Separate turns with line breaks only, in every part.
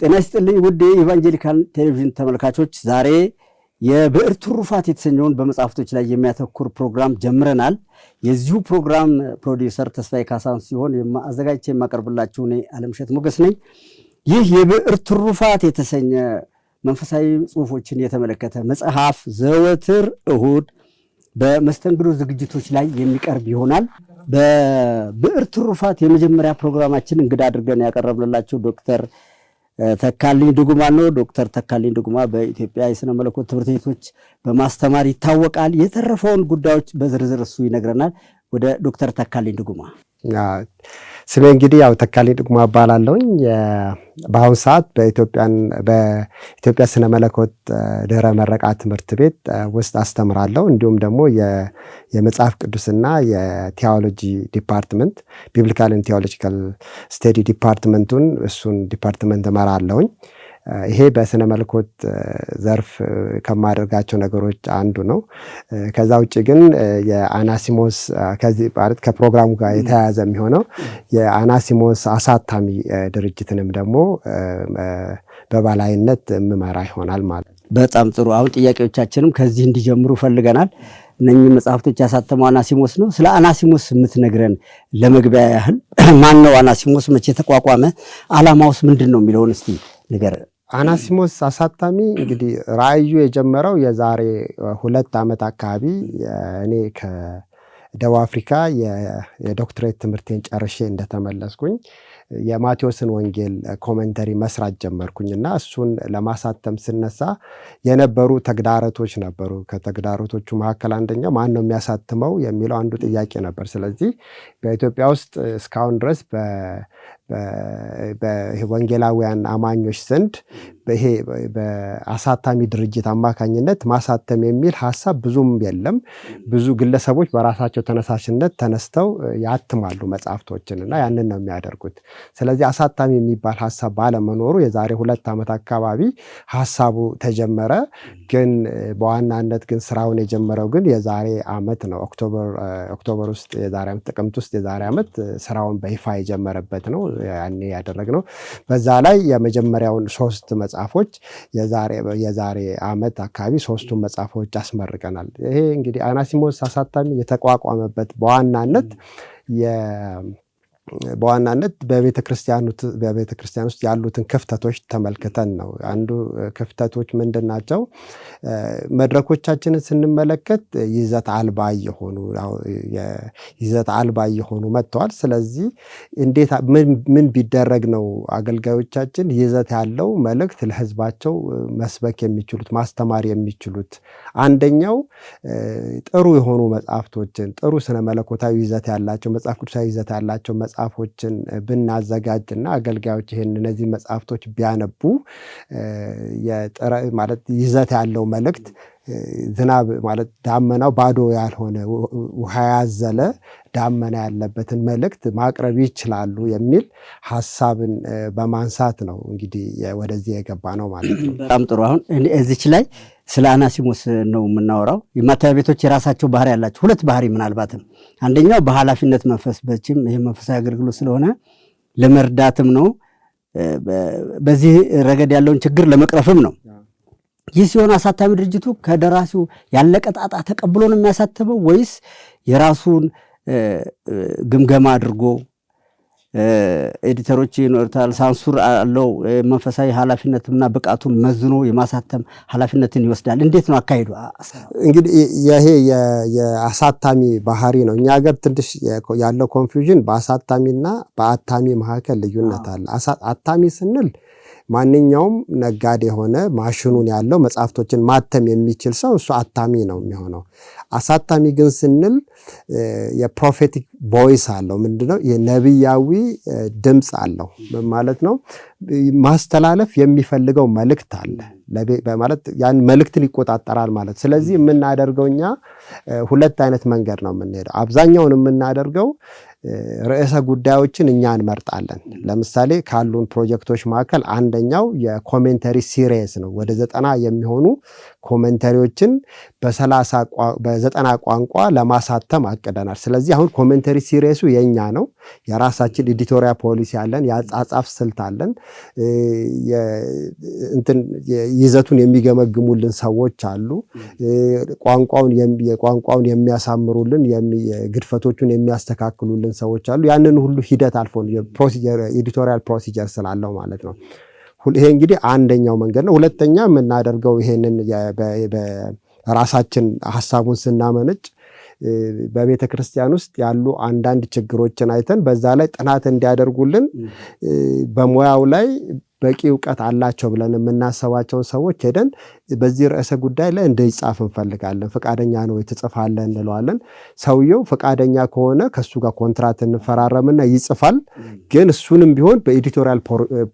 ጤና ይስጥልኝ ውድ የኢቫንጀሊካል ቴሌቪዥን ተመልካቾች፣ ዛሬ የብዕር ትሩፋት የተሰኘውን በመጽሐፍቶች ላይ የሚያተኩር ፕሮግራም ጀምረናል። የዚሁ ፕሮግራም ፕሮዲውሰር ተስፋዬ ካሳን ሲሆን አዘጋጅቼ የማቀርብላችሁ እኔ አለምሸት ሞገስ ነኝ። ይህ የብዕር ትሩፋት የተሰኘ መንፈሳዊ ጽሁፎችን የተመለከተ መጽሐፍ ዘወትር እሁድ በመስተንግዶ ዝግጅቶች ላይ የሚቀርብ ይሆናል። በብዕር ትሩፋት የመጀመሪያ ፕሮግራማችን እንግዳ አድርገን ያቀረብንላቸው ዶክተር ተካልኝ ድጉማ ነው። ዶክተር ተካልኝ ድጉማ በኢትዮጵያ የስነ መለኮት ትምህርት ቤቶች በማስተማር ይታወቃል። የተረፈውን ጉዳዮች በዝርዝር እሱ ይነግረናል። ወደ ዶክተር ተካልኝ ድጉማ
ስሜ እንግዲህ ያው ተካልኝ ድግሞ እባላለሁኝ። በአሁኑ ሰዓት በኢትዮጵያ ስነ መለኮት ድህረ መረቃ ትምህርት ቤት ውስጥ አስተምራለሁ። እንዲሁም ደግሞ የመጽሐፍ ቅዱስና የቴዎሎጂ ዲፓርትመንት ቢብሊካልን ቴዎሎጂካል ስተዲ ዲፓርትመንቱን እሱን ዲፓርትመንት እመራለሁኝ። ይሄ በስነ መልኮት ዘርፍ ከማደርጋቸው ነገሮች አንዱ ነው። ከዛ ውጭ ግን የአናሲሞስ ከዚህ ማለት ከፕሮግራሙ ጋር የተያያዘ የሚሆነው የአናሲሞስ አሳታሚ ድርጅትንም ደግሞ በባላይነት የምመራ ይሆናል ማለት ነው።
በጣም ጥሩ። አሁን ጥያቄዎቻችንም ከዚህ እንዲጀምሩ ፈልገናል። እነኚህ መጽሐፍቶች ያሳተመው አናሲሞስ ነው። ስለ አናሲሞስ የምትነግረን ለመግቢያ ያህል ማን ነው አናሲሞስ? መቼ ተቋቋመ? አላማውስ ምንድን ነው የሚለውን እስቲ ንገረን።
አናሲሞስ አሳታሚ እንግዲህ ራእዩ የጀመረው የዛሬ ሁለት ዓመት አካባቢ እኔ ከደቡብ አፍሪካ የዶክትሬት ትምህርቴን ጨርሼ እንደተመለስኩኝ የማቴዎስን ወንጌል ኮመንተሪ መስራት ጀመርኩኝ እና እሱን ለማሳተም ስነሳ የነበሩ ተግዳሮቶች ነበሩ። ከተግዳሮቶቹ መካከል አንደኛው ማን ነው የሚያሳትመው የሚለው አንዱ ጥያቄ ነበር። ስለዚህ በኢትዮጵያ ውስጥ እስካሁን ድረስ በወንጌላውያን አማኞች ዘንድ ይሄ በአሳታሚ ድርጅት አማካኝነት ማሳተም የሚል ሀሳብ ብዙም የለም። ብዙ ግለሰቦች በራሳቸው ተነሳሽነት ተነስተው ያትማሉ መጽሐፍቶችን እና ያንን ነው የሚያደርጉት። ስለዚህ አሳታሚ የሚባል ሀሳብ ባለመኖሩ የዛሬ ሁለት ዓመት አካባቢ ሀሳቡ ተጀመረ። ግን በዋናነት ግን ስራውን የጀመረው ግን የዛሬ ዓመት ነው። ኦክቶበር ውስጥ የዛሬ ዓመት ጥቅምት ውስጥ የዛሬ ዓመት ስራውን በይፋ የጀመረበት ነው። ያኔ ነው። በዛ ላይ የመጀመሪያውን ሶስት መጽሐፎች የዛሬ ዓመት አካባቢ ሶስቱን መጽሐፎች አስመርቀናል። ይሄ እንግዲህ አናሲሞስ አሳታሚ የተቋቋመበት በዋናነት በዋናነት በቤተ ክርስቲያን ውስጥ ያሉትን ክፍተቶች ተመልክተን ነው። አንዱ ክፍተቶች ምንድን ናቸው? መድረኮቻችንን ስንመለከት ይዘት አልባ እየሆኑ ይዘት አልባ እየሆኑ መጥተዋል። ስለዚህ እንዴት ምን ቢደረግ ነው አገልጋዮቻችን ይዘት ያለው መልእክት ለህዝባቸው መስበክ የሚችሉት ማስተማር የሚችሉት? አንደኛው ጥሩ የሆኑ መጽሐፍቶችን ጥሩ ስነ መለኮታዊ ይዘት ያላቸው መጽሐፍ ቅዱሳዊ ይዘት ያላቸው መጽሐፎችን ብናዘጋጅና አገልጋዮች ይህን እነዚህ መጽሐፍቶች ቢያነቡ ማለት ይዘት ያለው መልእክት ዝናብ ማለት ዳመናው ባዶ ያልሆነ ውሃ ያዘለ ዳመና ያለበትን መልእክት ማቅረብ ይችላሉ የሚል ሀሳብን በማንሳት ነው እንግዲህ ወደዚህ የገባ ነው ማለት ነው።
በጣም ጥሩ። አሁን እዚች ላይ ስለ አናሲሞስ ነው የምናወራው። የማተሚያ ቤቶች የራሳቸው ባህሪ ያላቸው ሁለት ባህሪ ምናልባትም አንደኛው በኃላፊነት መንፈስ በችም ይህ መንፈሳዊ አገልግሎት ስለሆነ ለመርዳትም ነው፣ በዚህ ረገድ ያለውን ችግር ለመቅረፍም ነው። ይህ ሲሆን አሳታሚ ድርጅቱ ከደራሲው ያለቀ ጣጣ ተቀብሎ ነው የሚያሳትመው ወይስ የራሱን ግምገማ አድርጎ ኤዲተሮች ይኖርታል። ሳንሱር አለው። መንፈሳዊ ኃላፊነትና ብቃቱን መዝኖ የማሳተም ኃላፊነትን ይወስዳል። እንዴት ነው አካሄዱ?
እንግዲህ ይሄ የአሳታሚ ባህሪ ነው። እኛ ሀገር ትንሽ ያለው ኮንፊውዥን በአሳታሚና በአታሚ መካከል ልዩነት አለ። አታሚ ስንል ማንኛውም ነጋዴ የሆነ ማሽኑን ያለው መጽሐፍቶችን ማተም የሚችል ሰው እሱ አታሚ ነው የሚሆነው። አሳታሚ ግን ስንል የፕሮፌቲክ ቮይስ አለው። ምንድነው? የነቢያዊ ድምፅ አለው ማለት ነው። ማስተላለፍ የሚፈልገው መልእክት አለ ማለት ያን መልእክትን ይቆጣጠራል ማለት። ስለዚህ የምናደርገው እኛ ሁለት አይነት መንገድ ነው የምንሄደው። አብዛኛውን የምናደርገው ርዕሰ ጉዳዮችን እኛ እንመርጣለን። ለምሳሌ ካሉን ፕሮጀክቶች መካከል አንደኛው የኮሜንተሪ ሲሪየስ ነው። ወደ ዘጠና የሚሆኑ ኮመንተሪዎችን በዘጠና ቋንቋ ለማሳተም አቅደናል። ስለዚህ አሁን ኮመንተሪ ሲሬሱ የኛ ነው። የራሳችን ኤዲቶሪያ ፖሊሲ አለን፣ የአጻጻፍ ስልት አለን። ይዘቱን የሚገመግሙልን ሰዎች አሉ። ቋንቋውን የሚያሳምሩልን፣ ግድፈቶቹን የሚያስተካክሉልን ሰዎች አሉ። ያንን ሁሉ ሂደት አልፎ ኤዲቶሪያል ፕሮሲጀር ስላለው ማለት ነው። ይሄ እንግዲህ አንደኛው መንገድ ነው። ሁለተኛ የምናደርገው ይሄንን ራሳችን ሀሳቡን ስናመነጭ በቤተ ክርስቲያን ውስጥ ያሉ አንዳንድ ችግሮችን አይተን በዛ ላይ ጥናት እንዲያደርጉልን በሙያው ላይ በቂ እውቀት አላቸው ብለን የምናሰባቸውን ሰዎች ሄደን በዚህ ርዕሰ ጉዳይ ላይ እንዲጻፍ እንፈልጋለን። ፈቃደኛ ነው ትጽፋለህ እንለዋለን። ሰውየው ፈቃደኛ ከሆነ ከእሱ ጋር ኮንትራት እንፈራረምና ይጽፋል። ግን እሱንም ቢሆን በኤዲቶሪያል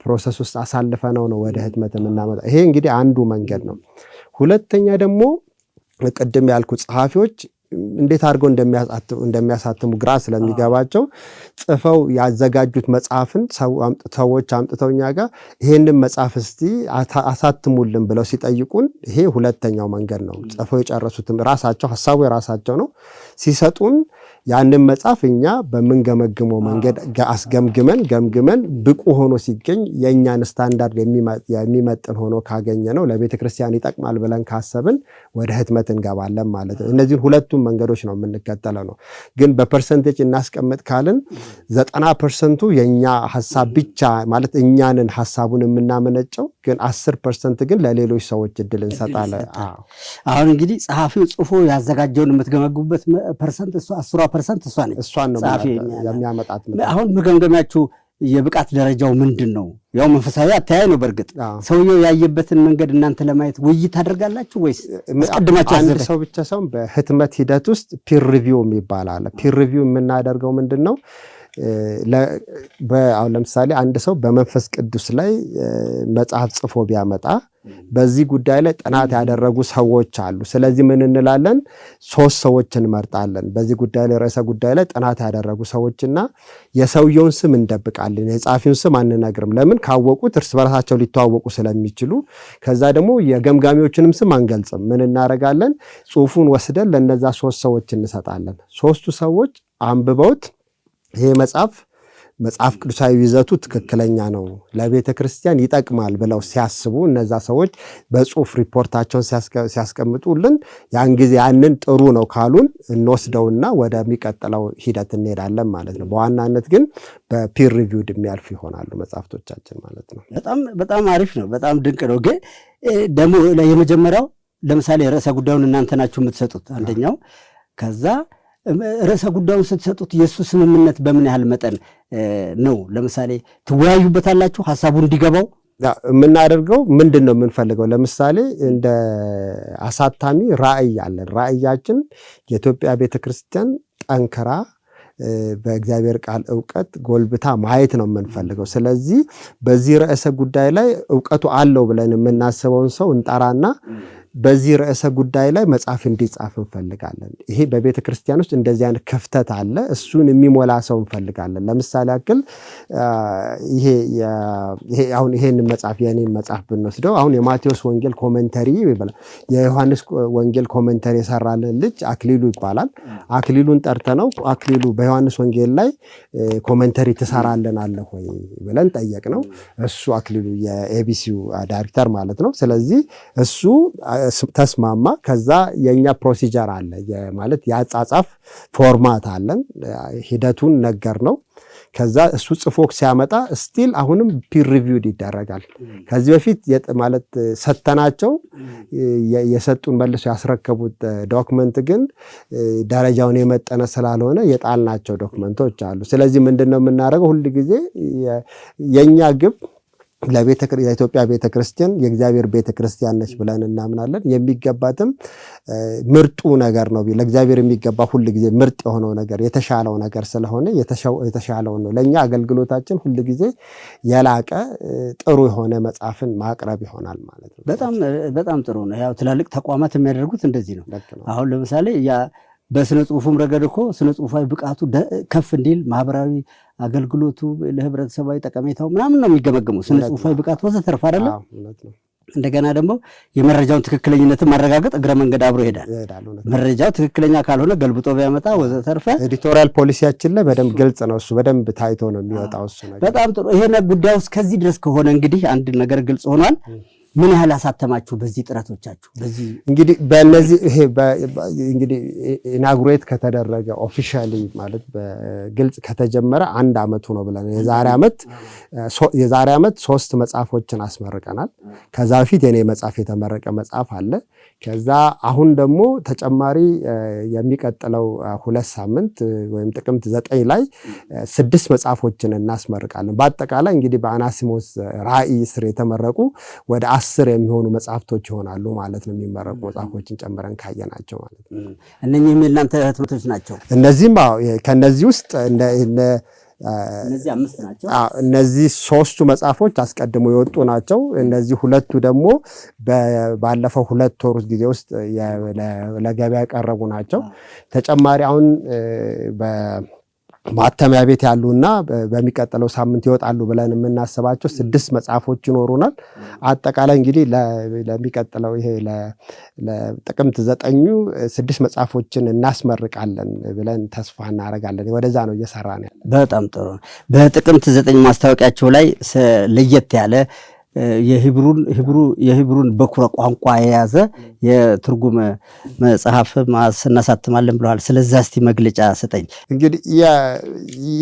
ፕሮሰስ ውስጥ አሳልፈ ነው ነው ወደ ህትመት የምናመጣ። ይሄ እንግዲህ አንዱ መንገድ ነው። ሁለተኛ ደግሞ ቅድም ያልኩ ጸሐፊዎች እንዴት አድርገው እንደሚያሳትሙ ግራ ስለሚገባቸው ጽፈው ያዘጋጁት መጽሐፍን ሰዎች አምጥተው እኛ ጋር ይሄንን መጽሐፍ እስቲ አሳትሙልን ብለው ሲጠይቁን ይሄ ሁለተኛው መንገድ ነው። ጽፈው የጨረሱትም ራሳቸው ሀሳቡ የራሳቸው ነው ሲሰጡን ያንን መጽሐፍ እኛ በምንገመግመው መንገድ አስገምግመን ገምግመን ብቁ ሆኖ ሲገኝ የእኛን ስታንዳርድ የሚመጥን ሆኖ ካገኘ ነው ለቤተክርስቲያን ይጠቅማል ብለን ካሰብን ወደ ህትመት እንገባለን ማለት ነው። እነዚህን ሁለቱም መንገዶች ነው የምንከተለው ነው። ግን በፐርሰንቴጅ እናስቀምጥ ካልን ዘጠና ፐርሰንቱ የእኛ ሀሳብ ብቻ ማለት እኛንን ሀሳቡን የምናመነጨው ግን አስር ፐርሰንት ግን ለሌሎች ሰዎች እድል እንሰጣለን።
አሁን እንግዲህ ጸሐፊው ጽፎ ያዘጋጀውን የምትገመግቡበት ፐርሰንት እሷ አስሯ ፐርሰንት እሷ ነች እሷን ነው የሚያመጣት። አሁን መገምገሚያችሁ የብቃት ደረጃው ምንድን ነው? ያው መንፈሳዊ አተያይ ነው። በእርግጥ ሰውየው ያየበትን መንገድ እናንተ ለማየት ውይይት ታደርጋላችሁ ወይስ አስቀድማችሁ? አንድ
ሰው ብቻ ሳይሆን በህትመት ሂደት ውስጥ ፒር ሪቪው የሚባል አለ። ፒር ሪቪው የምናደርገው ምንድን ነው? አሁን ለምሳሌ አንድ ሰው በመንፈስ ቅዱስ ላይ መጽሐፍ ጽፎ ቢያመጣ በዚህ ጉዳይ ላይ ጥናት ያደረጉ ሰዎች አሉ። ስለዚህ ምን እንላለን? ሶስት ሰዎች እንመርጣለን። በዚህ ጉዳይ ላይ ርዕሰ ጉዳይ ላይ ጥናት ያደረጉ ሰዎችና የሰውየውን ስም እንደብቃለን፣ የጻፊውን ስም አንነግርም። ለምን ካወቁት እርስ በራሳቸው ሊተዋወቁ ስለሚችሉ። ከዛ ደግሞ የገምጋሚዎችንም ስም አንገልጽም። ምን እናደርጋለን? ጽሁፉን ወስደን ለነዛ ሶስት ሰዎች እንሰጣለን። ሶስቱ ሰዎች አንብበውት ይሄ መጽሐፍ መጽሐፍ ቅዱሳዊ ይዘቱ ትክክለኛ ነው፣ ለቤተ ክርስቲያን ይጠቅማል ብለው ሲያስቡ እነዛ ሰዎች በጽሁፍ ሪፖርታቸውን ሲያስቀምጡልን ያን ጊዜ ያንን ጥሩ ነው ካሉን እንወስደውና ወደሚቀጥለው ሂደት እንሄዳለን ማለት ነው። በዋናነት ግን በፒር ሪቪውድ የሚያልፉ ይሆናሉ መጽሐፍቶቻችን ማለት ነው።
በጣም በጣም አሪፍ ነው። በጣም ድንቅ ነው። ግን ደግሞ የመጀመሪያው ለምሳሌ ርዕሰ ጉዳዩን እናንተ ናችሁ የምትሰጡት አንደኛው ከዛ ርዕሰ ጉዳዩን ስትሰጡት የእሱ ስምምነት በምን ያህል መጠን ነው? ለምሳሌ ትወያዩበታላችሁ፣ ሀሳቡ እንዲገባው
የምናደርገው ምንድን ነው የምንፈልገው? ለምሳሌ እንደ አሳታሚ ራዕይ አለን። ራዕያችን የኢትዮጵያ ቤተክርስቲያን ጠንክራ በእግዚአብሔር ቃል እውቀት ጎልብታ ማየት ነው የምንፈልገው። ስለዚህ በዚህ ርዕሰ ጉዳይ ላይ እውቀቱ አለው ብለን የምናስበውን ሰው እንጠራና በዚህ ርዕሰ ጉዳይ ላይ መጽሐፍ እንዲጻፍ እንፈልጋለን። ይሄ በቤተ ክርስቲያን ውስጥ እንደዚህ አይነት ክፍተት አለ። እሱን የሚሞላ ሰው እንፈልጋለን። ለምሳሌ ያክል ይሄ አሁን ይሄን መጽሐፍ የኔን መጽሐፍ ብንወስደው አሁን የማቴዎስ ወንጌል ኮመንተሪ የዮሐንስ ወንጌል ኮመንተሪ የሰራልን ልጅ አክሊሉ ይባላል። አክሊሉን ጠርተ ነው አክሊሉ በዮሐንስ ወንጌል ላይ ኮመንተሪ ትሰራለን አለ ወይ ብለን ጠየቅ ነው። እሱ አክሊሉ የኤቢሲው ዳይሬክተር ማለት ነው። ስለዚህ እሱ ተስማማ። ከዛ የእኛ ፕሮሲጀር አለ ማለት የአጻጻፍ ፎርማት አለን። ሂደቱን ነገር ነው። ከዛ እሱ ጽፎ ሲያመጣ ስቲል አሁንም ፒር ሪቪውድ ይደረጋል። ከዚህ በፊት ማለት ሰተናቸው የሰጡን መልሶ ያስረከቡት ዶክመንት ግን ደረጃውን የመጠነ ስላልሆነ የጣልናቸው ዶክመንቶች አሉ። ስለዚህ ምንድን ነው የምናደርገው? ሁል ጊዜ የእኛ ግብ ለኢትዮጵያ ቤተክርስቲያን የእግዚአብሔር ቤተክርስቲያን ነች ብለን እናምናለን። የሚገባትም ምርጡ ነገር ነው። ለእግዚአብሔር የሚገባ ሁል ጊዜ ምርጥ የሆነው ነገር የተሻለው ነገር ስለሆነ የተሻለው ነው። ለእኛ አገልግሎታችን ሁል ጊዜ የላቀ ጥሩ የሆነ መጽሐፍን ማቅረብ ይሆናል ማለት
ነው። በጣም በጣም ጥሩ ነው። ያው ትላልቅ ተቋማት የሚያደርጉት እንደዚህ ነው። አሁን ለምሳሌ በስነ ጽሁፉም ረገድ እኮ ስነ ጽሁፋዊ ብቃቱ ከፍ እንዲል ማህበራዊ አገልግሎቱ ለህብረተሰባዊ ጠቀሜታው ምናምን ነው የሚገመገመው። ስነ ጽሁፋዊ ብቃት ወዘተርፍ አይደለ? እንደገና ደግሞ የመረጃውን ትክክለኝነትን ማረጋገጥ እግረ መንገድ አብሮ ይሄዳል። መረጃው ትክክለኛ ካልሆነ ገልብጦ ቢያመጣ ወዘተርፈ።
ኤዲቶሪያል ፖሊሲያችን ላይ በደንብ ግልጽ ነው፣ እሱ በደንብ ታይቶ ነው የሚወጣው። እሱ
በጣም ጥሩ። ይሄ ጉዳይ ውስጥ ከዚህ ድረስ ከሆነ እንግዲህ አንድ ነገር ግልጽ ሆኗል። ምን ያህል አሳተማችሁ? በዚህ ጥረቶቻችሁ በዚህ
እንግዲህ በእነዚህ ይሄ እንግዲህ ኢናጉሬት ከተደረገ ኦፊሻሊ ማለት በግልጽ ከተጀመረ አንድ አመቱ ነው ብለን የዛሬ አመት የዛሬ አመት ሶስት መጽሐፎችን አስመርቀናል። ከዛ በፊት የኔ መጽሐፍ የተመረቀ መጽሐፍ አለ። ከዛ አሁን ደግሞ ተጨማሪ የሚቀጥለው ሁለት ሳምንት ወይም ጥቅምት ዘጠኝ ላይ ስድስት መጽሐፎችን እናስመርቃለን። በአጠቃላይ እንግዲህ በአናሲሞስ ራዕይ ስር የተመረቁ ወደ አስር የሚሆኑ መጽሐፍቶች ይሆናሉ ማለት ነው። የሚመረቁ መጽሐፎችን ጨምረን ናቸው ማለት ነው።
እነኚህም የእናንተ ህትመቶች ናቸው።
እነዚህም ከእነዚህ ውስጥ እነዚህ ሶስቱ መጽሐፎች አስቀድሞ የወጡ ናቸው። እነዚህ ሁለቱ ደግሞ ባለፈው ሁለት ወር ጊዜ ውስጥ ለገበያ የቀረቡ ናቸው። ተጨማሪ አሁን ማተሚያ ቤት ያሉና በሚቀጥለው ሳምንት ይወጣሉ ብለን የምናስባቸው ስድስት መጽሐፎች ይኖሩናል። አጠቃላይ እንግዲህ ለሚቀጥለው ይሄ ለጥቅምት ዘጠኙ ስድስት መጽሐፎችን እናስመርቃለን ብለን ተስፋ እናደርጋለን። ወደዛ ነው እየሰራ ነው።
በጣም ጥሩ። በጥቅምት ዘጠኝ ማስታወቂያቸው ላይ ለየት ያለ የሂብሩን በኩረ ቋንቋ የያዘ የትርጉም መጽሐፍ እናሳትማለን ብለዋል። ስለዛ እስቲ መግለጫ ስጠኝ።
እንግዲህ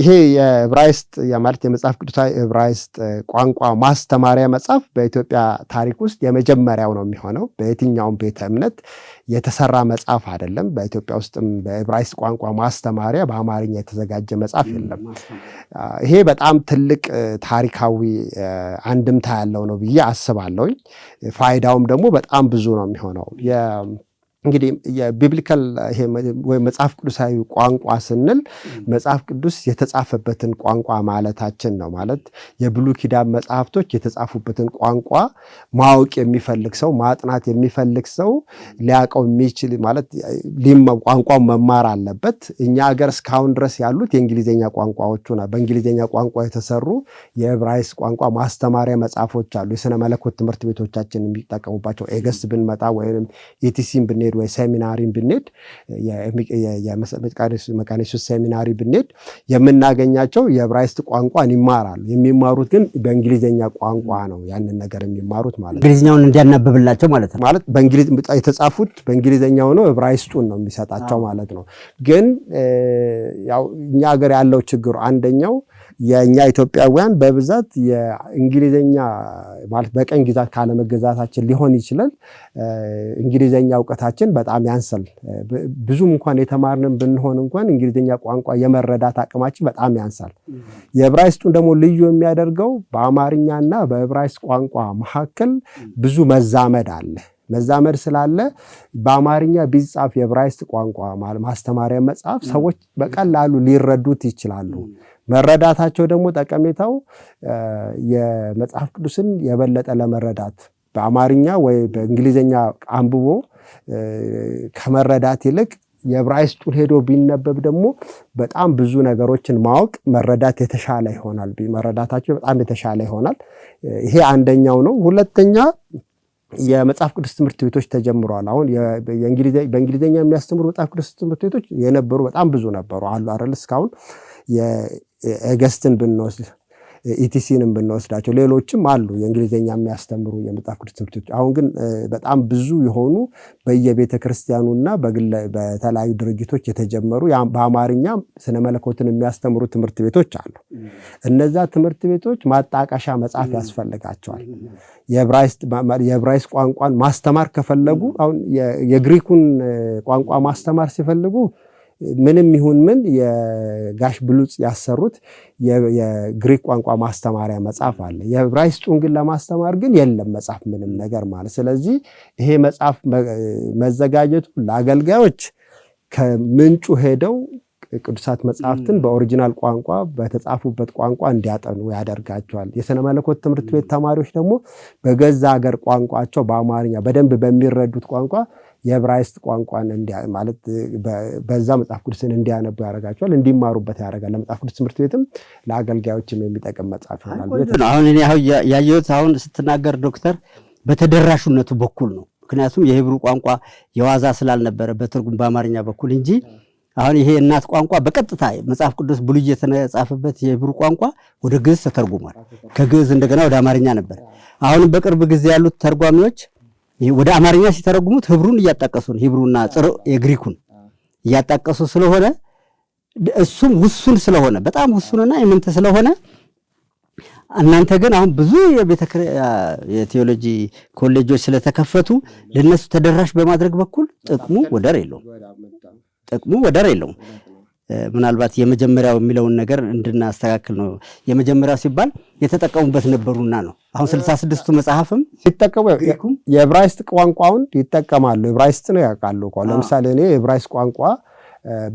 ይሄ የዕብራይስጥ ማለት የመጽሐፍ ቅዱሳዊ ዕብራይስጥ ቋንቋ ማስተማሪያ መጽሐፍ በኢትዮጵያ ታሪክ ውስጥ የመጀመሪያው ነው የሚሆነው። በየትኛውም ቤተ እምነት የተሰራ መጽሐፍ አይደለም። በኢትዮጵያ ውስጥም በዕብራይስጥ ቋንቋ ማስተማሪያ በአማርኛ የተዘጋጀ መጽሐፍ የለም። ይሄ በጣም ትልቅ ታሪካዊ አንድምታ ያለው ያለው ነው ብዬ አስባለሁኝ። ፋይዳውም ደግሞ በጣም ብዙ ነው የሚሆነው። እንግዲህ የቢብሊካል ወይም መጽሐፍ ቅዱሳዊ ቋንቋ ስንል መጽሐፍ ቅዱስ የተጻፈበትን ቋንቋ ማለታችን ነው። ማለት የብሉ ኪዳን መጽሐፍቶች የተጻፉበትን ቋንቋ ማወቅ የሚፈልግ ሰው ማጥናት የሚፈልግ ሰው ሊያውቀው የሚችል ማለት ቋንቋው መማር አለበት። እኛ ሀገር እስካሁን ድረስ ያሉት የእንግሊዝኛ ቋንቋዎቹ በእንግሊዝኛ ቋንቋ የተሰሩ የዕብራይስ ቋንቋ ማስተማሪያ መጽሐፎች አሉ። የስነ መለኮት ትምህርት ቤቶቻችን የሚጠቀሙባቸው ኤገስ ብንመጣ ወይም ኢቲሲን ብን ብንሄድ ወይ ሴሚናሪን ብንሄድ መቃኔሱ ሴሚናሪ ብንሄድ የምናገኛቸው የዕብራይስጥ ቋንቋን ይማራሉ። የሚማሩት ግን በእንግሊዝኛ ቋንቋ ነው። ያንን ነገር የሚማሩት ማለት
ነው። እንግሊዝኛውን እንዲያናብብላቸው ማለት
ነው። ማለት የተጻፉት በእንግሊዝኛ ነው፣ ዕብራይስጡን ነው የሚሰጣቸው ማለት ነው። ግን ያው እኛ ሀገር ያለው ችግሩ አንደኛው የእኛ ኢትዮጵያውያን በብዛት የእንግሊዝኛ ማለት በቀኝ ግዛት ካለመገዛታችን ሊሆን ይችላል። እንግሊዝኛ እውቀታችን በጣም ያንሰል። ብዙም እንኳን የተማርንም ብንሆን እንኳን እንግሊዝኛ ቋንቋ የመረዳት አቅማችን በጣም ያንሳል። የዕብራይስጡን ደግሞ ልዩ የሚያደርገው በአማርኛና በዕብራይስጥ ቋንቋ መካከል ብዙ መዛመድ አለ። መዛመድ ስላለ በአማርኛ ቢጻፍ የዕብራይስጥ ቋንቋ ማስተማሪያ መጽሐፍ ሰዎች በቀላሉ ሊረዱት ይችላሉ። መረዳታቸው ደግሞ ጠቀሜታው የመጽሐፍ ቅዱስን የበለጠ ለመረዳት በአማርኛ ወይ በእንግሊዝኛ አንብቦ ከመረዳት ይልቅ የዕብራይስጡን ሄዶ ቢነበብ ደግሞ በጣም ብዙ ነገሮችን ማወቅ መረዳት የተሻለ ይሆናል። መረዳታቸው በጣም የተሻለ ይሆናል። ይሄ አንደኛው ነው። ሁለተኛ የመጽሐፍ ቅዱስ ትምህርት ቤቶች ተጀምረዋል። አሁን በእንግሊዝኛ የሚያስተምሩ መጽሐፍ ቅዱስ ትምህርት ቤቶች የነበሩ በጣም ብዙ ነበሩ አሉ አይደል? እስካሁን ኤገስትን ብንወስድ ኢቲሲንም ብንወስዳቸው ሌሎችም አሉ የእንግሊዝኛ የሚያስተምሩ የመጽሐፍ ቅዱስ ትምህርቶች። አሁን ግን በጣም ብዙ የሆኑ በየቤተ እና በተለያዩ ድርጅቶች የተጀመሩ በአማርኛ ስነ መለኮትን የሚያስተምሩ ትምህርት ቤቶች አሉ። እነዛ ትምህርት ቤቶች ማጣቀሻ መጽሐፍ ያስፈልጋቸዋል። የዕብራይስጥ ቋንቋን ማስተማር ከፈለጉ አሁን የግሪኩን ቋንቋ ማስተማር ሲፈልጉ ምንም ይሁን ምን የጋሽ ብሉጽ ያሰሩት የግሪክ ቋንቋ ማስተማሪያ መጽሐፍ አለ። የዕብራይስጡን ግን ለማስተማር ግን የለም መጽሐፍ ምንም ነገር ማለት። ስለዚህ ይሄ መጽሐፍ መዘጋጀቱ ለአገልጋዮች ከምንጩ ሄደው ቅዱሳት መጽሐፍትን በኦሪጂናል ቋንቋ በተጻፉበት ቋንቋ እንዲያጠኑ ያደርጋቸዋል። የሥነ መለኮት ትምህርት ቤት ተማሪዎች ደግሞ በገዛ ሀገር ቋንቋቸው በአማርኛ በደንብ በሚረዱት ቋንቋ የዕብራይስጥ ቋንቋን ማለት በዛ መጽሐፍ ቅዱስን እንዲያነቡ ያደርጋቸዋል፣ እንዲማሩበት ያደርጋል። ለመጽሐፍ ቅዱስ ትምህርት ቤትም ለአገልጋዮችም የሚጠቅም መጽሐፍ ይሆናል።
አሁን እኔ ያየሁት አሁን ስትናገር ዶክተር በተደራሽነቱ በኩል ነው። ምክንያቱም የሂብሩ ቋንቋ የዋዛ ስላልነበረ በትርጉም በአማርኛ በኩል እንጂ አሁን ይሄ እናት ቋንቋ በቀጥታ መጽሐፍ ቅዱስ ብሉይ የተጻፈበት የሂብሩ ቋንቋ ወደ ግዕዝ ተተርጉሟል። ከግዕዝ እንደገና ወደ አማርኛ ነበር። አሁንም በቅርብ ጊዜ ያሉት ተርጓሚዎች ወደ አማርኛ ሲተረጉሙት ህብሩን እያጣቀሱ ነው። ሂብሩና የግሪኩን እያጣቀሱ ስለሆነ እሱም ውሱን ስለሆነ በጣም ውሱንና የምንት ስለሆነ እናንተ ግን አሁን ብዙ የቴዎሎጂ ኮሌጆች ስለተከፈቱ ለነሱ ተደራሽ በማድረግ በኩል ጥቅሙ ወደር የለውም። ጥቅሙ ወደር የለውም። ምናልባት የመጀመሪያው የሚለውን ነገር እንድናስተካክል ነው። የመጀመሪያው ሲባል የተጠቀሙበት ነበሩና ነው። አሁን ስልሳ ስድስቱ መጽሐፍም
ሲጠቀሙ የዕብራይስጥ ቋንቋውን ይጠቀማሉ። ዕብራይስጥ ነው ያውቃሉ። ለምሳሌ እኔ የዕብራይስጥ ቋንቋ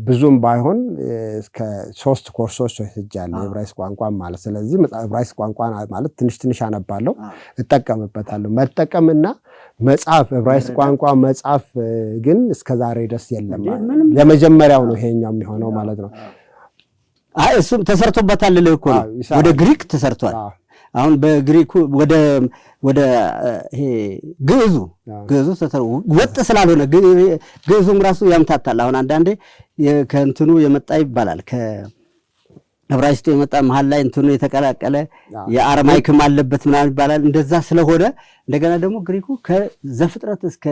ብዙም ባይሆን እስከ ሶስት ኮርሶች ወስጃለሁ፣ ዕብራይስጥ ቋንቋ ማለት። ስለዚህ ዕብራይስጥ ቋንቋ ማለት ትንሽ ትንሽ አነባለሁ፣ እጠቀምበታለሁ። መጠቀምና መጻፍ ዕብራይስጥ ቋንቋ መጻፍ ግን እስከዛሬ ደስ የለም። የመጀመሪያው ነው ይሄኛው የሚሆነው ማለት ነው።
እሱም ተሰርቶበታል። ልልህ እኮ ነው፣ ወደ ግሪክ ተሰርቷል። አሁን በግሪኩ ወደ ወደ ይሄ ግዕዙ ግዕዙ ወጥ ስላልሆነ ግዕዙም ራሱ ያምታታል። አሁን አንዳንዴ ከእንትኑ የመጣ ይባላል ዕብራይስጡ የመጣ መሀል ላይ እንትኑ የተቀላቀለ የአረማይክም አለበት ምናምን ይባላል። እንደዛ ስለሆነ እንደገና ደግሞ ግሪኩ ከዘፍጥረት እስከ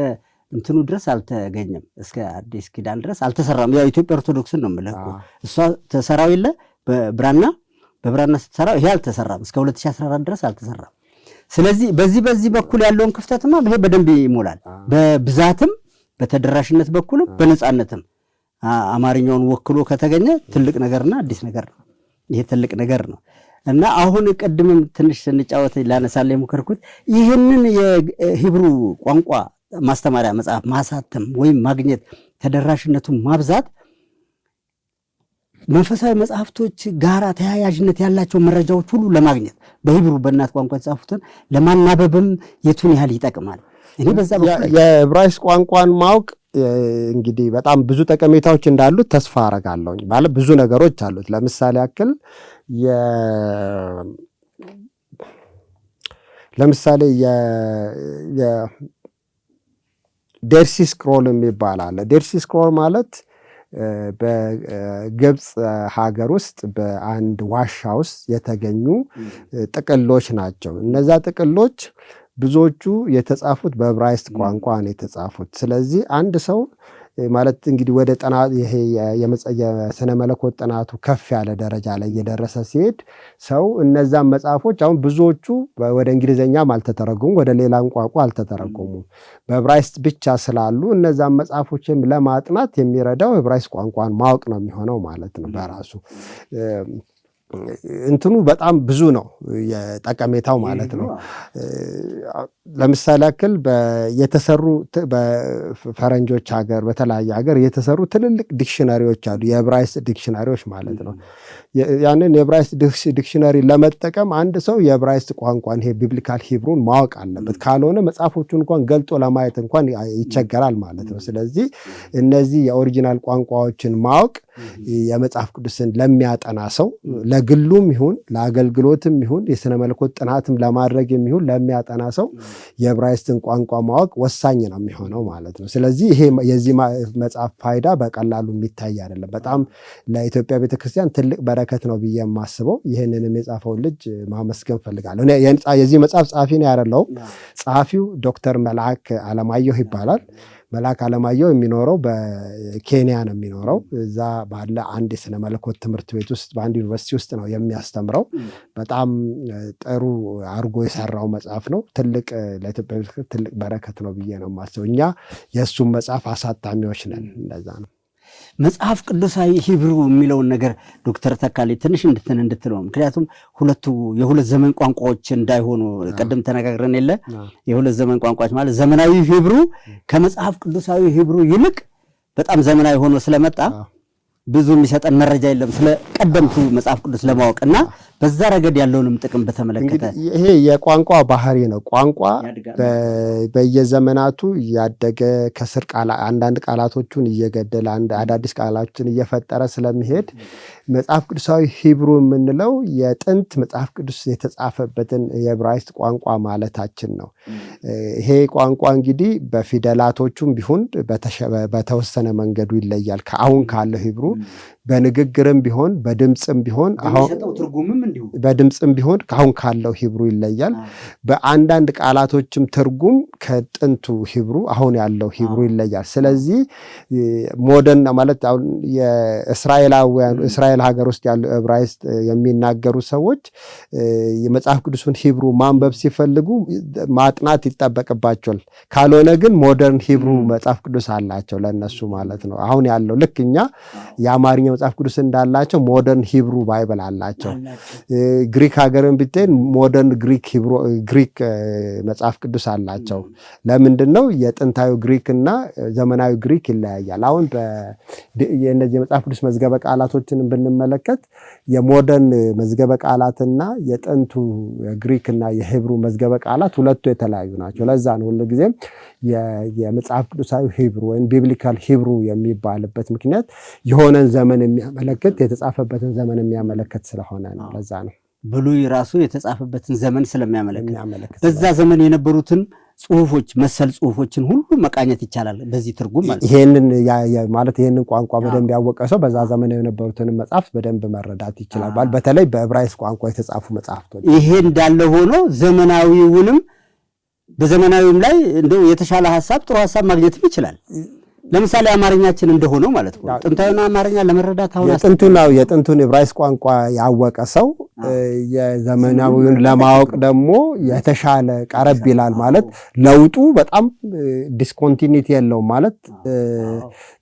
እንትኑ ድረስ አልተገኘም፣ እስከ አዲስ ኪዳን ድረስ አልተሰራም። ያው ኢትዮጵያ ኦርቶዶክስን ነው የምልህ እሷ ተሰራው የለ በብራና በብራና ስትሰራ ይሄ አልተሰራም፣ እስከ 2014 ድረስ አልተሰራም። ስለዚህ በዚህ በዚህ በኩል ያለውን ክፍተትማ ይሄ በደንብ ይሞላል። በብዛትም በተደራሽነት በኩልም በነፃነትም አማርኛውን ወክሎ ከተገኘ ትልቅ ነገርና አዲስ ነገር ነው። ይሄ ትልቅ ነገር ነው እና አሁን ቅድምም ትንሽ ስንጫወት ላነሳለ የሞከርኩት ይህንን የሂብሩ ቋንቋ ማስተማሪያ መጽሐፍ ማሳተም ወይም ማግኘት ተደራሽነቱን ማብዛት መንፈሳዊ መጽሐፍቶች ጋራ ተያያዥነት ያላቸው መረጃዎች ሁሉ ለማግኘት በሂብሩ በእናት ቋንቋ የተጻፉትን ለማናበብም የቱን ያህል ይጠቅማል?
እኔ በዛ የዕብራይስ ቋንቋን ማወቅ እንግዲህ በጣም ብዙ ጠቀሜታዎች እንዳሉት ተስፋ አረጋለሁ። ማለት ብዙ ነገሮች አሉት። ለምሳሌ ያክል ለምሳሌ ዴርሲ ስክሮል የሚባል አለ። ዴርሲ ስክሮል ማለት በግብፅ ሀገር ውስጥ በአንድ ዋሻ ውስጥ የተገኙ ጥቅሎች ናቸው። እነዛ ጥቅሎች ብዙዎቹ የተጻፉት በዕብራይስጥ ቋንቋ ነው የተጻፉት። ስለዚህ አንድ ሰው ማለት እንግዲህ ወደ ጥናት ይሄ የስነ መለኮት ጥናቱ ከፍ ያለ ደረጃ ላይ እየደረሰ ሲሄድ ሰው እነዛን መጽሐፎች አሁን ብዙዎቹ ወደ እንግሊዝኛም አልተተረጉሙ፣ ወደ ሌላ ቋንቋ አልተተረጎሙም። በዕብራይስጥ ብቻ ስላሉ እነዛን መጽሐፎችም ለማጥናት የሚረዳው ዕብራይስጥ ቋንቋን ማወቅ ነው የሚሆነው ማለት ነው በራሱ እንትኑ በጣም ብዙ ነው የጠቀሜታው ማለት ነው። ለምሳሌ ያክል የተሰሩ በፈረንጆች ሀገር በተለያየ ሀገር የተሰሩ ትልልቅ ዲክሽነሪዎች አሉ፣ የዕብራይስጥ ዲክሽነሪዎች ማለት ነው። ያንን የዕብራይስጥ ዲክሽነሪ ለመጠቀም አንድ ሰው የዕብራይስጥ ቋንቋን ይሄ ቢብሊካል ሂብሩን ማወቅ አለበት። ካልሆነ መጽሐፎቹን እንኳን ገልጦ ለማየት እንኳን ይቸገራል ማለት ነው። ስለዚህ እነዚህ የኦሪጂናል ቋንቋዎችን ማወቅ የመጽሐፍ ቅዱስን ለሚያጠና ሰው ለግሉም ይሁን ለአገልግሎትም ይሁን የስነ መለኮት ጥናትም ለማድረግ የሚሆን ለሚያጠና ሰው የዕብራይስጥን ቋንቋ ማወቅ ወሳኝ ነው የሚሆነው ማለት ነው። ስለዚህ ይሄ የዚህ መጽሐፍ ፋይዳ በቀላሉ የሚታይ አይደለም። በጣም ለኢትዮጵያ ቤተክርስቲያን ትልቅ በረከት ነው ብዬ የማስበው ይህንንም የጻፈውን ልጅ ማመስገን ፈልጋለሁ። የዚህ መጽሐፍ ጸሐፊ ነው ያደለው ጸሐፊው ዶክተር መልአክ አለማየሁ ይባላል። መልአክ አለማየሁ የሚኖረው በኬንያ ነው የሚኖረው። እዛ ባለ አንድ የስነ መለኮት ትምህርት ቤት ውስጥ በአንድ ዩኒቨርሲቲ ውስጥ ነው የሚያስተምረው። በጣም ጥሩ አድርጎ የሰራው መጽሐፍ ነው። ትልቅ ለኢትዮጵያ ትልቅ በረከት ነው ብዬ ነው የማስበው። እኛ የእሱን መጽሐፍ አሳታሚዎች ነን። እንደዛ ነው።
መጽሐፍ ቅዱሳዊ ሂብሩ የሚለውን ነገር ዶክተር ተካሌ ትንሽ እንድትን እንድትለው ምክንያቱም ሁለቱ የሁለት ዘመን ቋንቋዎች እንዳይሆኑ ቅድም ተነጋግረን የለ የሁለት ዘመን ቋንቋዎች ማለት ዘመናዊ ሂብሩ ከመጽሐፍ ቅዱሳዊ ሂብሩ ይልቅ በጣም ዘመናዊ ሆኖ ስለመጣ ብዙ የሚሰጠን መረጃ የለም ስለ ቀደምቱ መጽሐፍ ቅዱስ ለማወቅ እና በዛ ረገድ ያለውንም ጥቅም በተመለከተ
ይሄ የቋንቋ ባህሪ ነው። ቋንቋ በየዘመናቱ እያደገ ከስር አንዳንድ ቃላቶቹን እየገደለ አዳዲስ ቃላቶችን እየፈጠረ ስለሚሄድ መጽሐፍ ቅዱሳዊ ሂብሩ የምንለው የጥንት መጽሐፍ ቅዱስ የተጻፈበትን የዕብራይስጥ ቋንቋ ማለታችን ነው። ይሄ ቋንቋ እንግዲህ በፊደላቶቹም ቢሆን በተወሰነ መንገዱ ይለያል ከአሁን ካለው ሂብሩ በንግግርም ቢሆን በድምፅም ቢሆን አሁን በድምፅም ቢሆን አሁን ካለው ሂብሩ ይለያል። በአንዳንድ ቃላቶችም ትርጉም ከጥንቱ ሂብሩ አሁን ያለው ሂብሩ ይለያል። ስለዚህ ሞደርን ማለት አሁን የእስራኤላውያን እስራኤል ሀገር ውስጥ ያሉ ዕብራይስጥ የሚናገሩ ሰዎች የመጽሐፍ ቅዱሱን ሂብሩ ማንበብ ሲፈልጉ ማጥናት ይጠበቅባቸዋል። ካልሆነ ግን ሞደርን ሂብሩ መጽሐፍ ቅዱስ አላቸው ለእነሱ ማለት ነው። አሁን ያለው ልክ እኛ የአማርኛ መጽሐፍ ቅዱስ እንዳላቸው ሞደርን ሂብሩ ባይብል አላቸው። ግሪክ ሀገርን ብትሄድ ሞደርን ግሪክ መጽሐፍ ቅዱስ አላቸው። ለምንድን ነው የጥንታዊ ግሪክ እና ዘመናዊ ግሪክ ይለያያል? አሁን እነዚህ የመጽሐፍ ቅዱስ መዝገበ ቃላቶችን ብንመለከት የሞደርን መዝገበ ቃላትና የጥንቱ እና የሂብሩ መዝገበ ቃላት ሁለቱ የተለያዩ ናቸው። ለዛ ነው ሁልጊዜም የመጽሐፍ ቅዱሳዊ ሂብሩ ወይም ቢብሊካል ሂብሩ የሚባልበት ምክንያት የሆነን ዘመን የሚያመለክት የተጻፈበትን ዘመን የሚያመለክት ስለሆነ ነው። ለዛ ነው
ብሉይ ራሱ የተጻፈበትን ዘመን ስለሚያመለክት በዛ ዘመን የነበሩትን ጽሁፎች መሰል ጽሁፎችን ሁሉ መቃኘት ይቻላል። በዚህ ትርጉም
ይሄንን ማለት ይሄንን ቋንቋ በደንብ ያወቀ ሰው በዛ ዘመን የነበሩትን መጽሐፍት በደንብ መረዳት ይችላል። በተለይ በዕብራይስ ቋንቋ የተጻፉ መጽሐፍቶች።
ይሄ እንዳለ ሆኖ ዘመናዊውንም በዘመናዊውም ላይ እንደው የተሻለ ሀሳብ ጥሩ ሀሳብ ማግኘትም ይችላል። ለምሳሌ አማርኛችን እንደሆነው ማለት ነው። ጥንታዊና አማርኛ ለመረዳት
አሁን የጥንቱን ዕብራይስጥ ቋንቋ ያወቀ ሰው የዘመናዊውን ለማወቅ ደግሞ የተሻለ ቀረብ ይላል ማለት ለውጡ በጣም ዲስኮንቲኒቲ የለውም ማለት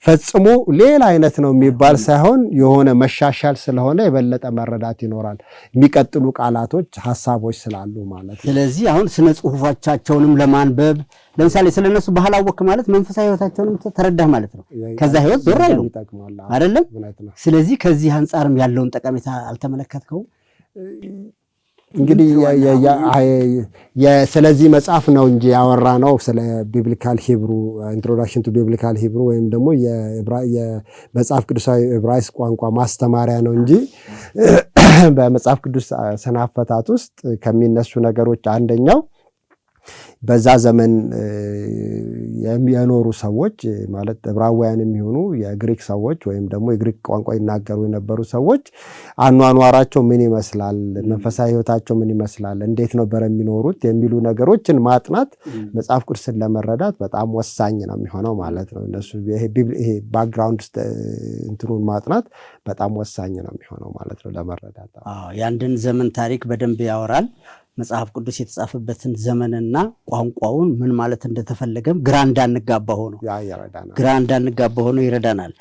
ፈጽሞ ሌላ አይነት ነው የሚባል ሳይሆን የሆነ መሻሻል ስለሆነ የበለጠ መረዳት ይኖራል። የሚቀጥሉ ቃላቶች፣ ሀሳቦች ስላሉ ማለት
ስለዚህ አሁን ስነ ጽሁፎቻቸውንም ለማንበብ ለምሳሌ ስለነሱ ባህል አወቅ ማለት መንፈሳዊ ህይወታቸውንም ተረዳህ ማለት ነው። ከዛ ህይወት ዞር አይሉ አይደለም። ስለዚህ ከዚህ አንጻርም ያለውን ጠቀሜታ አልተመለከትከውም?
እንግዲህ ስለዚህ መጽሐፍ ነው እንጂ ያወራ ነው። ስለ ቢብሊካል ሂብሩ ኢንትሮዳክሽን ቱ ቢብሊካል ሂብሩ ወይም ደግሞ የመጽሐፍ ቅዱሳዊ ዕብራይስ ቋንቋ ማስተማሪያ ነው እንጂ በመጽሐፍ ቅዱስ ሰናፈታት ውስጥ ከሚነሱ ነገሮች አንደኛው በዛ ዘመን የኖሩ ሰዎች ማለት ዕብራውያን የሚሆኑ የግሪክ ሰዎች ወይም ደግሞ የግሪክ ቋንቋ ይናገሩ የነበሩ ሰዎች አኗኗራቸው ምን ይመስላል፣ መንፈሳዊ ሕይወታቸው ምን ይመስላል፣ እንዴት ነው የሚኖሩት የሚሉ ነገሮችን ማጥናት መጽሐፍ ቅዱስን ለመረዳት በጣም ወሳኝ ነው የሚሆነው ማለት ነው። እነሱ ይሄ ባክግራውንድ እንትኑን ማጥናት በጣም ወሳኝ ነው የሚሆነው ማለት ነው ለመረዳት።
የአንድን ዘመን ታሪክ በደንብ ያወራል። መጽሐፍ ቅዱስ የተጻፈበትን ዘመንና ቋንቋውን ምን ማለት እንደተፈለገም ግራ እንዳንጋባ ሆኖ ግራ እንዳንጋባ ሆኖ ይረዳናል።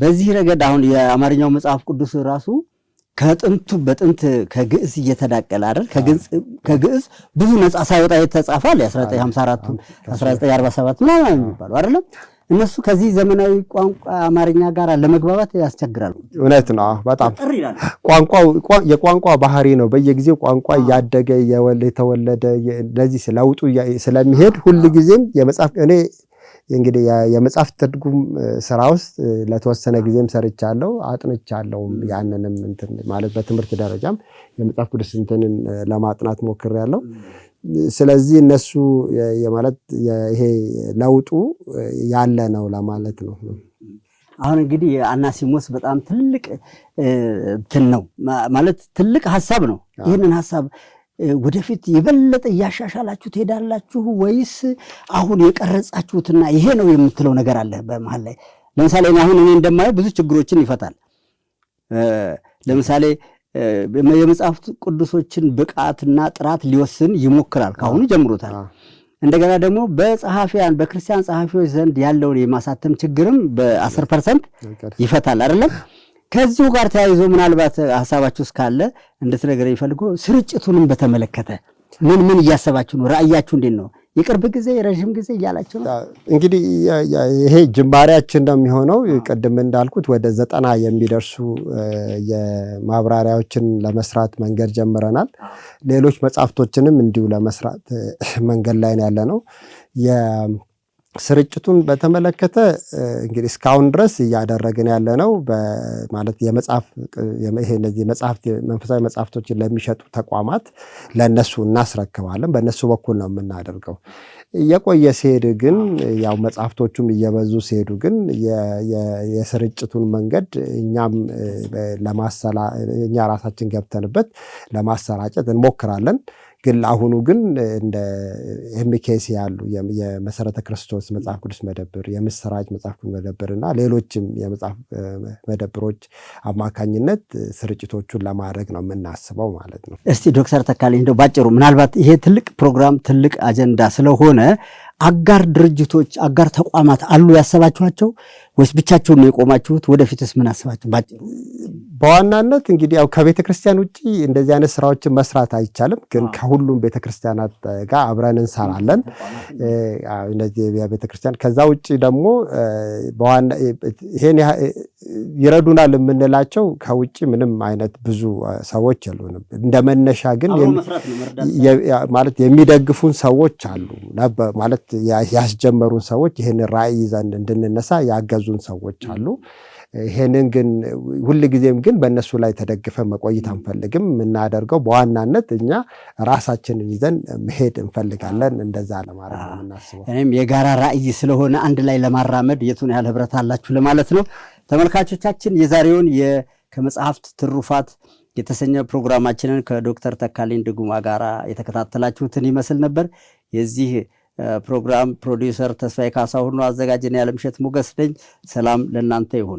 በዚህ ረገድ አሁን የአማርኛው መጽሐፍ ቅዱስ ራሱ ከጥንቱ በጥንት ከግዕዝ እየተዳቀለ አይደል? ከግዕዝ ብዙ ነጻ ሳይወጣ የተጻፈ አለ የ1954 1947 ምናምን የሚባለው አይደለም እነሱ ከዚህ ዘመናዊ ቋንቋ አማርኛ ጋር ለመግባባት ያስቸግራሉ
እውነት ነው። በጣም የቋንቋ ባህሪ ነው። በየጊዜው ቋንቋ እያደገ የተወለደ ለዚህ ለውጡ ስለሚሄድ ሁሉ ጊዜም የመጽሐፍ እኔ እንግዲህ የመጽሐፍ ትርጉም ስራ ውስጥ ለተወሰነ ጊዜም ሰርቻለሁ፣ አጥንቻለሁም ያንንም ማለት በትምህርት ደረጃም የመጽሐፍ ቅዱስ እንትንን ለማጥናት ሞክሬያለሁ። ስለዚህ እነሱ የማለት ይሄ ለውጡ ያለ ነው ለማለት ነው።
አሁን እንግዲህ አናሲሞስ በጣም ትልቅ እንትን ነው ማለት ትልቅ ሀሳብ ነው። ይህንን ሀሳብ ወደፊት የበለጠ እያሻሻላችሁ ትሄዳላችሁ ወይስ አሁን የቀረጻችሁትና ይሄ ነው የምትለው ነገር አለ በመሀል ላይ? ለምሳሌ አሁን እኔ እንደማየው ብዙ ችግሮችን ይፈታል። ለምሳሌ የመጽሐፍ ቅዱሶችን ብቃትና ጥራት ሊወስን ይሞክራል። ከአሁኑ ጀምሮታል። እንደገና ደግሞ በጸሐፊያን በክርስቲያን ጸሐፊዎች ዘንድ ያለውን የማሳተም ችግርም በአስር ፐርሰንት ይፈታል አይደለም። ከዚሁ ጋር ተያይዞ ምናልባት ሀሳባችሁ ውስጥ ካለ እንድትነግረኝ ፈልጎ ስርጭቱንም በተመለከተ ምን ምን እያሰባችሁ ነው? ራእያችሁ እንዴት ነው? የቅርብ ጊዜ የረዥም ጊዜ እያላቸው ነው
እንግዲህ ይሄ ጅማሬያችን ነው የሚሆነው። ቅድም እንዳልኩት ወደ ዘጠና የሚደርሱ የማብራሪያዎችን ለመስራት መንገድ ጀምረናል። ሌሎች መጽሐፍቶችንም እንዲሁ ለመስራት መንገድ ላይ ያለ ነው። ስርጭቱን በተመለከተ እንግዲህ እስካሁን ድረስ እያደረግን ያለ ነው ማለት የመጽሐፍ መንፈሳዊ መጽሐፍቶችን ለሚሸጡ ተቋማት ለእነሱ እናስረክባለን። በእነሱ በኩል ነው የምናደርገው። እየቆየ ሲሄድ ግን ያው መጽሐፍቶቹም እየበዙ ሲሄዱ ግን የስርጭቱን መንገድ እኛም እኛ ራሳችን ገብተንበት ለማሰራጨት እንሞክራለን። ግን ለአሁኑ ግን እንደ ኤምኬሲ ያሉ የመሰረተ ክርስቶስ መጽሐፍ ቅዱስ መደብር፣ የምስራች መጽሐፍ ቅዱስ መደብር እና ሌሎችም የመጽሐፍ መደብሮች አማካኝነት ስርጭቶቹን ለማድረግ ነው የምናስበው ማለት ነው።
እስቲ ዶክተር ተካሌ እንደው ባጭሩ ምናልባት ይሄ ትልቅ ፕሮግራም ትልቅ አጀንዳ ስለሆነ አጋር ድርጅቶች፣ አጋር ተቋማት አሉ ያሰባችኋቸው ወይስ ብቻችሁን ነው የቆማችሁት? ወደፊትስ ምን አስባችሁ?
በዋናነት እንግዲህ ያው ከቤተ ክርስቲያን ውጭ እንደዚህ አይነት ስራዎችን መስራት አይቻልም፣ ግን ከሁሉም ቤተ ክርስቲያናት ጋር አብረን እንሰራለን። እነዚህ ቤተ ክርስቲያን ከዛ ውጭ ደግሞ ይሄን ይረዱናል የምንላቸው ከውጭ ምንም አይነት ብዙ ሰዎች የሉንም። እንደ መነሻ ግን ማለት የሚደግፉን ሰዎች አሉ ማለት ያስጀመሩን ሰዎች ይህን ራዕይ ይዘን እንድንነሳ ያገዙን ሰዎች አሉ። ይህንን ግን ሁልጊዜም ግን በእነሱ ላይ ተደግፈን መቆየት አንፈልግም። የምናደርገው በዋናነት እኛ ራሳችንን ይዘን መሄድ እንፈልጋለን። እንደዛ ለማድረግ ነው የምናስበው።
እኔም የጋራ ራዕይ ስለሆነ አንድ ላይ ለማራመድ የቱን ያህል ህብረት አላችሁ ለማለት ነው። ተመልካቾቻችን የዛሬውን ከመጽሐፍት ትሩፋት የተሰኘ ፕሮግራማችንን ከዶክተር ተካሊን ድጉማ ጋራ የተከታተላችሁትን ይመስል ነበር የዚህ ፕሮግራም ፕሮዲውሰር ተስፋዬ ካሳሁን ነው። አዘጋጅን ያለምሸት ሞገስ ነኝ። ሰላም ለእናንተ ይሁን።